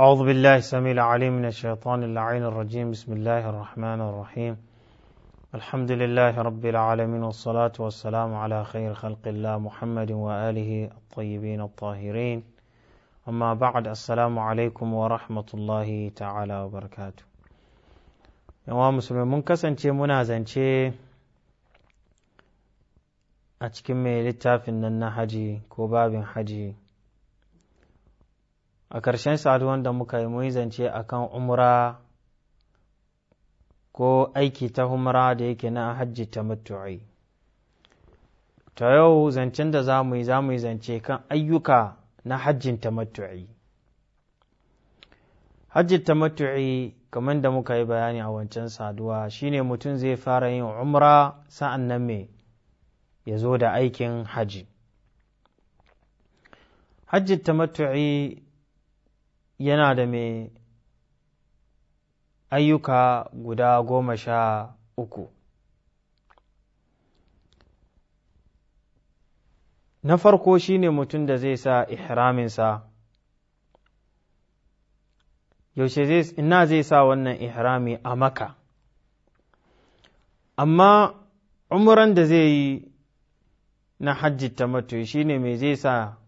أعوذ بالله السميع العليم من الشيطان اللعين الرجيم بسم الله الرحمن الرحيم الحمد لله رب العالمين والصلاة والسلام على خير خلق الله محمد وآله الطيبين الطاهرين أما بعد السلام عليكم ورحمة الله تعالى وبركاته يا مسلمين من كسن منازن a cikin mai النهجي كوباب حجي, a ƙarshen saduwan da muka yi zance a kan umra ko aiki ta umra da yake na hajji ta mutu'i ta yau zancen da za mu yi za mu yi zance kan ayyuka na hajjin ta mutu'i hajji ta mutu'i kamar da muka yi bayani a wancan saduwa shine mutum zai fara yin umra sa'an nan me ya zo da aikin hajji hajji ta mutu'i yana da mai ayyuka guda goma sha uku na farko shi ne mutum da zai sa ihraminsa yaushe ina zai sa wannan ihrami a maka amma umuran da zai yi na hajji ta mato ne mai zai sa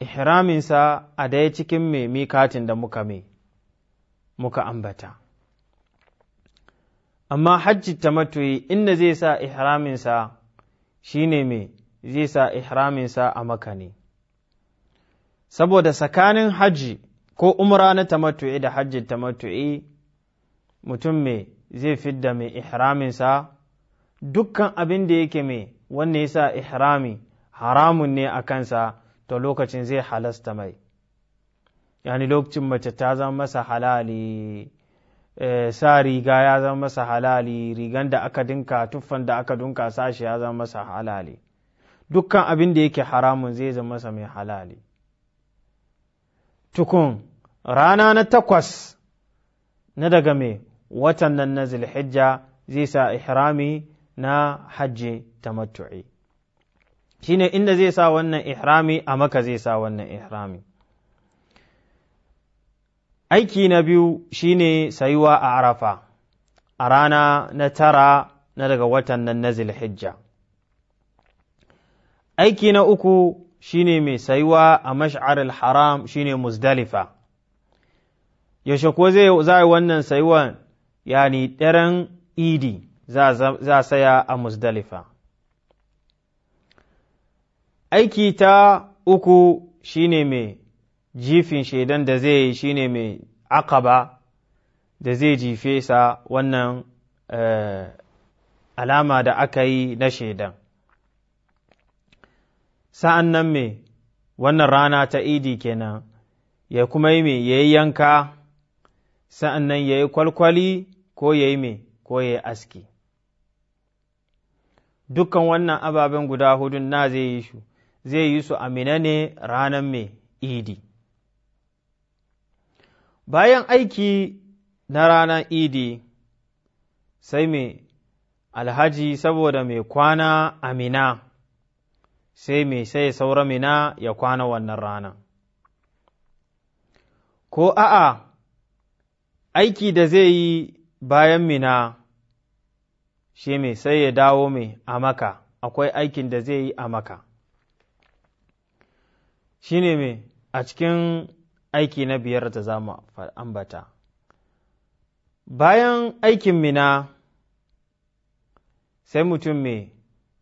ihraminsa a daya cikin mai mikatin da muka mai muka ambata amma hajji tamattu'i inda zai sa ihraminsa shine mai zai sa ihraminsa a maka ne saboda tsakanin hajji ko umra na tamattu'i da hajji tamattu'i mutum mai zai fidda mai ihraminsa dukkan abin da yake mai wanne ya sa ihrami haramun ne a kansa to lokacin zai halasta mai yani lokacin mace ta zama masa halali eh, sa riga ya zama masa halali rigan da aka dinka tuffan da aka dunka sashi ya zama masa halali dukkan abin da yake haramun zai zama masa mai halali tukun rana na takwas na daga mai watan nan na zilhijja zai sa ihrami na hajji ta matu'i ne inda zai sa wannan ihrami a maka zai sa wannan ihrami aiki na biyu shine sayuwa a arafa a rana na tara na daga watan nan na zilhijja aiki na uku shine mai sayuwa a mash'ar haram shine muzdalifa yaushe ko zai za yi wannan sayuwan yani daren idi za saya a muzdalifa aiki ta uku shine mai jifin shaidan da zai yi shine mai akaba da zai jife sa wannan eh, alama da aka yi na shaidan sa'an nan mai wannan rana ta idi kenan ya kuma yi mai ya yi yanka sa'an nan ya yi kwalkwali ko ya yi mai ko ya yi aski dukkan wannan ababen guda hudun na zai yi shu zai yi su amina ne ranar mai idi bayan aiki na ranar idi sai mai alhaji saboda mai kwana a amina sai mai sai saura mina ya kwana wannan rana ko a'a aiki da zai yi bayan mina shi mai sai ya dawo mai a maka akwai aikin da zai yi a maka shine me a cikin aiki na biyar da za mu ambata bayan aikin mina sai mutum mai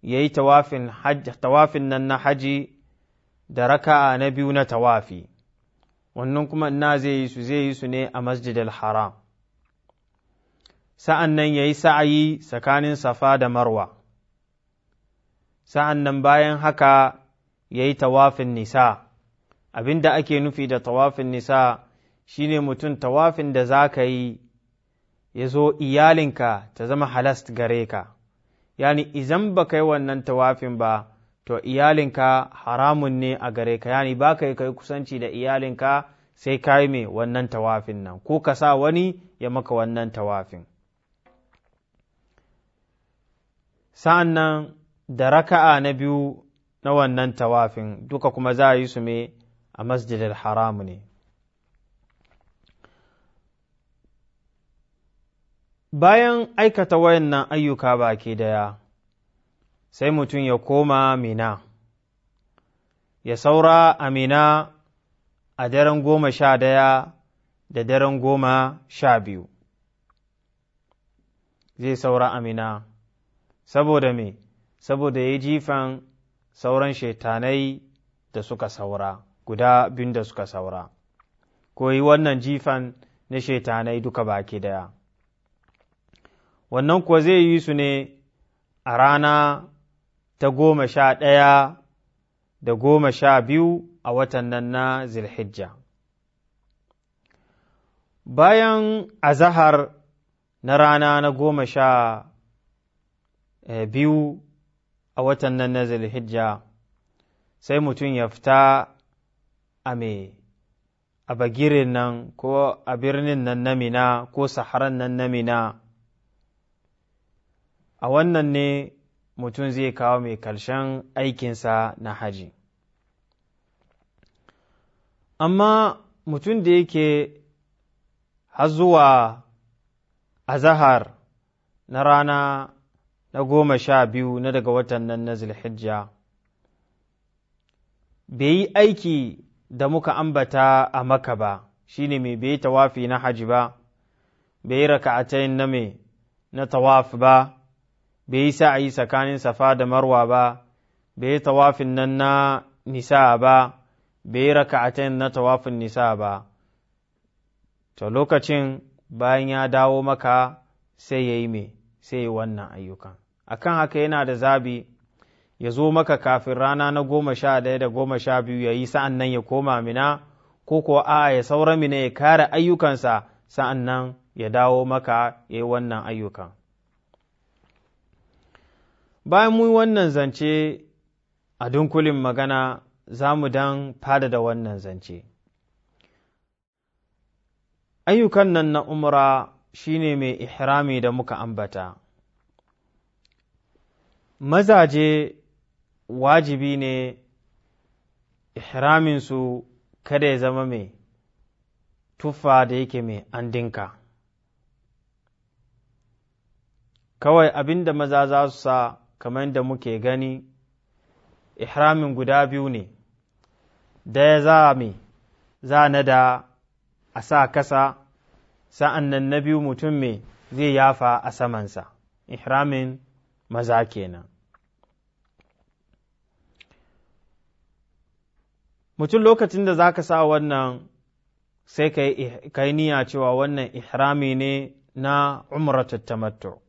ya yi tawafin nan na haji da raka'a na biyu na tawafi wannan kuma ina zai yi su zai yi su ne a masjid al-haram sa'an nan ya yi sa'ayi tsakanin safa da marwa sa'an nan bayan haka ya yi tawafin nisa' abin da ake nufi da tawafin nisa shine mutum tawafin da za ka yi ya zo iyalinka ta zama halast gare ka yani izan ba ka yi wannan tawafin ba to iyalinka haramun ne a gare ka yani ba ka yi kai kusanci da iyalinka sai ka yi mai wannan tawafin nan ko ka sa wani ya maka wannan tawafin sa'an nan da raka'a na biyu na wannan tawafin duka kuma za a yi su mai a masjidar haramu ne bayan aikata wayannan ayyuka baki daya sai mutum ya koma mina ya saura a mina a daren goma sha daya da daren goma sha biyu zai saura a mina saboda me saboda ya jifan sauran shaitanai da suka saura guda biyun da suka saura koyi wannan jifan na shaitanai duka baki daya wannan kuwa zai yi su ne a rana ta goma sha ɗaya da goma sha biyu a watan nan na zilhijja bayan azahar na rana na goma sha eh, biyu a watan nan na zilhijja sai mutum ya fita a a bagirin nan ko a birnin nan namina mina ko saharan nan namina a wannan ne mutum zai kawo mai karshen aikinsa na haji amma mutum da yake har zuwa azahar na rana na goma sha biyu na daga watan nan na zilhijja bai yi aiki da muka ambata a maka ba shi shine mai bai tawafi na haji ba bai raka'atayn na mai na tawaf ba bai yi sa'ayi tsakanin safa da marwa ba bai yi tawafin nan na nisa ba bai yi raka'atayn na tawafin nisa ba to lokacin bayan ya dawo maka sai ya yi mai sai yi wannan ayyukan akan haka yana da zabi ya zo maka kafin rana na goma sha ɗaya da goma sha biyu ya yi sa'an nan ya koma mina ko ko a ya saura mina ya kare ayyukansa sa'an nan ya dawo maka ya yi wannan ayyukan. Bayan mu wannan zance a dunkulin magana za mu dan fada da wannan zance. Ayyukan nan na umra shine mai ihrami da muka ambata. Mazaje wajibi ne ihraminsu kada ya zama mai tuffa da yake mai an dinka kawai abin da maza za su sa kamar da muke gani ihramin guda biyu ne daya za mai za na da a sa kasa sa'an nan na biyu mutum mai zai yafa a samansa ihramin maza kenan mutum lokacin da za ka sa wannan sai ka yi niyya cewa wannan ihrami ne na umratul tamattu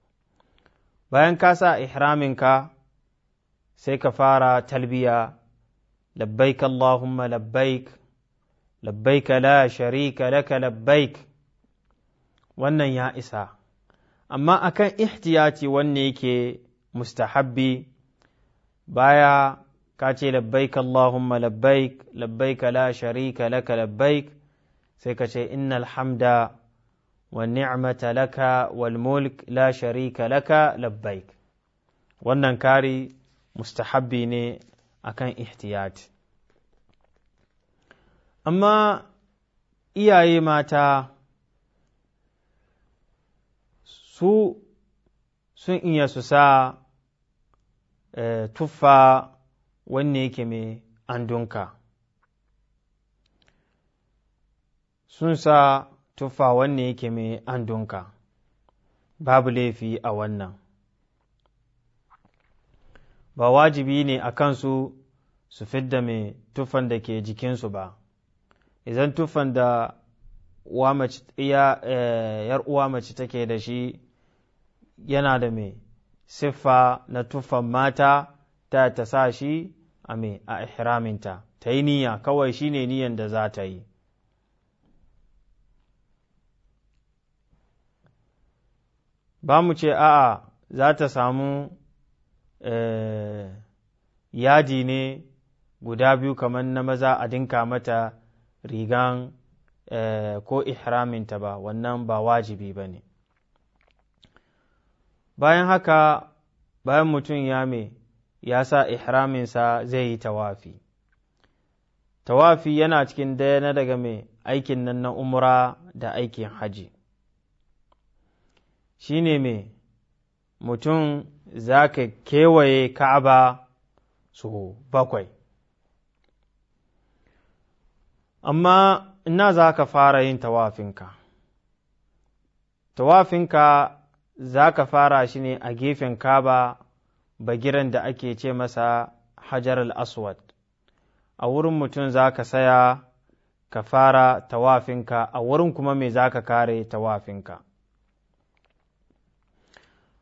bayan ka sa ihraminka sai ka fara talbiya labbaik Allahumma labbaik labbaik la sharika laka labbaik wannan ya isa amma akan ihtiyaci wanne yake mustahabbi baya ka ce labbaik Allahumma labbaik labbaik la sharika laka labbaik sai ka ce innal hamda wa ni'mata laka wal mulk la sharika laka labbaik wannan kari mustahabbi ne akan ihtiyat amma iyaye mata su sun iya su sa eh, tuffa wanne yake mai dunka, sun sa tuffa wanne yake mai dunka, babu laifi a wannan ba wajibi ne a kansu su fidda mai tuffan da ke jikinsu ba idan tuffan da eh, yar uwa mace take da shi yana da mai siffa na tuffan mata ta ta sa shi a me a ihraminta ta yi niyya kawai shi ne niyyan da za ta yi ba mu ce a'a za ta samu eh, yadi ne guda biyu kamar na maza a dinka mata rigan eh, ko ihraminta ba wannan ba wajibi ba ne bayan haka bayan mutum ya mai ya sa ihraminsa zai yi tawafi tawafi yana cikin daya na daga mai aikin nan na umra da aikin haji shi ne mai mutum za ka kewaye ka'aba su bakwai amma ina za ka fara yin tawafinka tawafinka za ka fara shi ne a gefen kaba bagiran da ake ce masa hajar al-aswad a wurin mutum za ka saya ka fara tawafinka a wurin kuma mai za ka kare tawafinka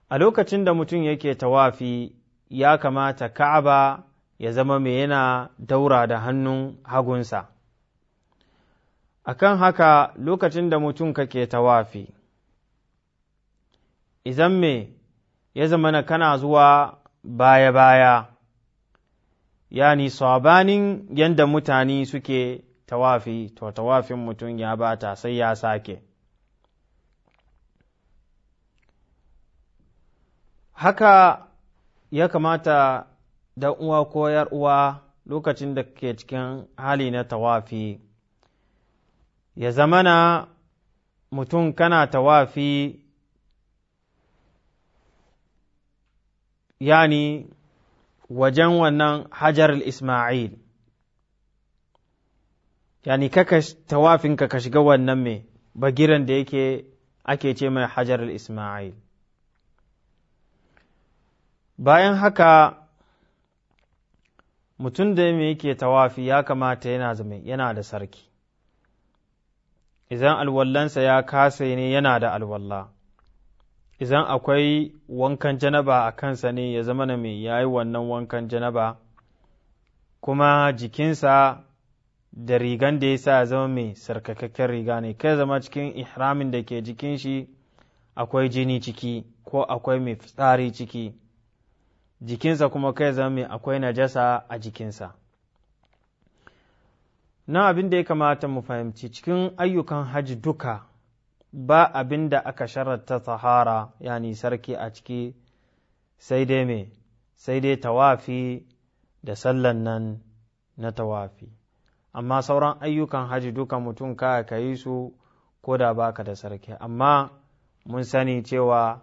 a lokacin da mutum yake tawafi ya kamata ka'aba ya zama mai yana daura da hannun hagunsa akan haka lokacin da mutum kake tawafi izan me ya zama na kana zuwa baya-baya yani sabanin yadda mutane suke tawafi to tawafin mutum ya bata sai ya sake haka ya kamata da uwa ko uwa lokacin da ke cikin hali na tawafi ya zamana mutum kana tawafi yani wajen wannan hajar isma'il yani kaka tawafinka ka shiga wannan mai bagiran da yake ake ce mai hajar isma'il bayan haka mutum da mai yake tawafi ya kamata yana zama yana da sarki idan alwallansa ya kasa ne yana da alwalla idan akwai wankan janaba a kansa ne ya zama na mai yayi wannan wankan janaba kuma jikinsa da rigan da ya sa ya zama mai sarkakakken riga ne kai zama cikin ihramin da ke jikin shi akwai jini ciki ko akwai mai fitsari ciki jikinsa kuma kai zama mai akwai najasa a jikinsa Nan abin da ya kamata mu fahimci cikin ayyukan hajji duka ba abin da aka sharatta tahara yani sarki a ciki sai dai me sai dai tawafi da sallan nan na tawafi amma sauran ayyukan haji duka mutum ka ka yi su ko da baka da sarki amma mun sani cewa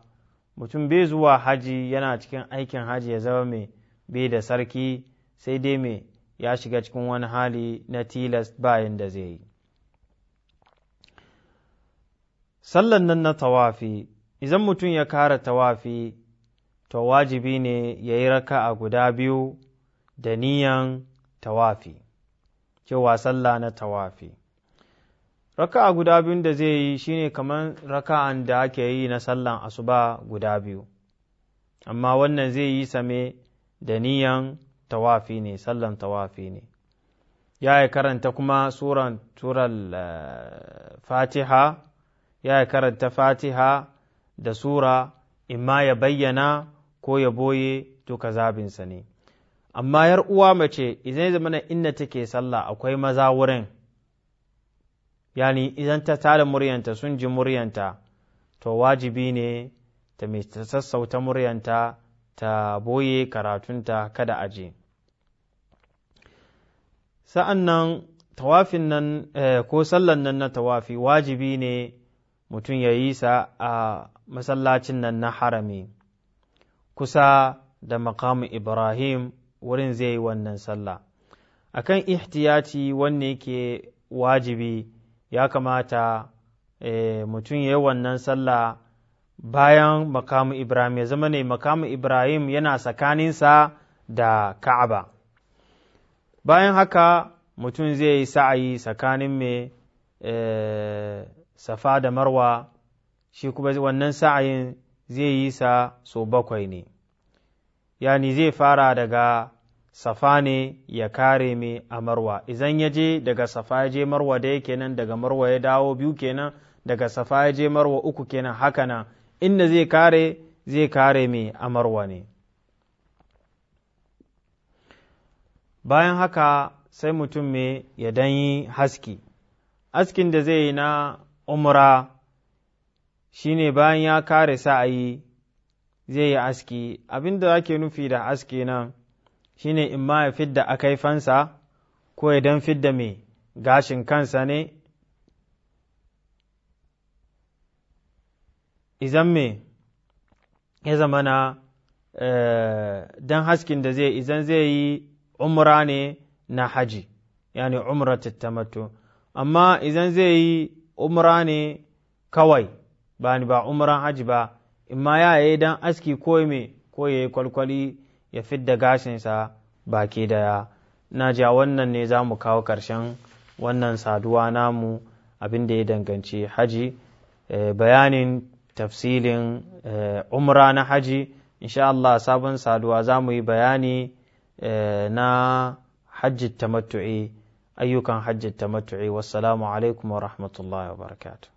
mutum bai zuwa haji yana cikin aikin haji ya zama mai bai da sarki sai dai mai ya shiga cikin wani hali na tilas bayan da zai yi sallan nan na tawafi idan mutum ya kara tawafi to wajibi ne ya yi raka a guda biyu da niyan tawafi cewa sallah na tawafi raka'a guda biyun da zai yi shine kamar raka'an da ake yi na sallan asuba guda biyu amma wannan zai yi same da niyan tawafi ne sallan tawafi ne ya yi karanta kuma suran eh, fatiha ya karanta fatiha da sura imma ya bayyana ko ya boye duka zabinsa ne amma yar uwa mace idan zamana inda take sallah akwai maza wurin yani idan ta tada muryanta sun ji muryanta to wajibi ne ta mai sassauta muryanta ta boye karatunta kada aje sa'an nan tawafin nan eh, ko sallan nan na tawafi wajibi ne mutum ya yi sa a masallacin nan na harami kusa da makamu ibrahim wurin zai yi wannan sallah akan ihtiyaci wanne ke wajibi ya kamata eh, mutum ya yi wannan sallah bayan makamu ibrahim ya zama ne makamu ibrahim yana tsakaninsa da ka'aba bayan haka mutum zai yi sa'ayi tsakanin mai safa da marwa shi kuma wannan sa'ayin zai yi sa so bakwai ne yani zai fara daga safa ne ya kare mai a marwa idan ya je daga safa ya je marwa da yake nan daga marwa ya dawo biyu kenan daga safa ya je marwa uku kenan haka nan inda zai kare zai kare mai a marwa ne bayan haka sai mutum me ya danyi haski askin da zai yi na umra shine bayan ya kare sa'ayi zai yi aski abin da ake nufi da aski nan shine in ma ya fidda akaifansa ko idan fidda mai gashin kansa ne izan me ya zama na eh, don haskin da zai izan zai yi umra ne na haji yani umra tattamattu amma izan zai yi umra ne kawai ba ni ba umran haji ba imma ya yi dan aski ko me ko ya yi kwalkwali ya fidda gashinsa baki daya na ja wannan ne za mu kawo ƙarshen wannan saduwa namu abin da ya danganci haji eh, bayanin tafsilin eh, umra na haji insha Allah sabon saduwa za mu yi bayani eh, na hajji tamattu'i أيكم حج التمتع والسلام عليكم ورحمة الله وبركاته